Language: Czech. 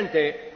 presidente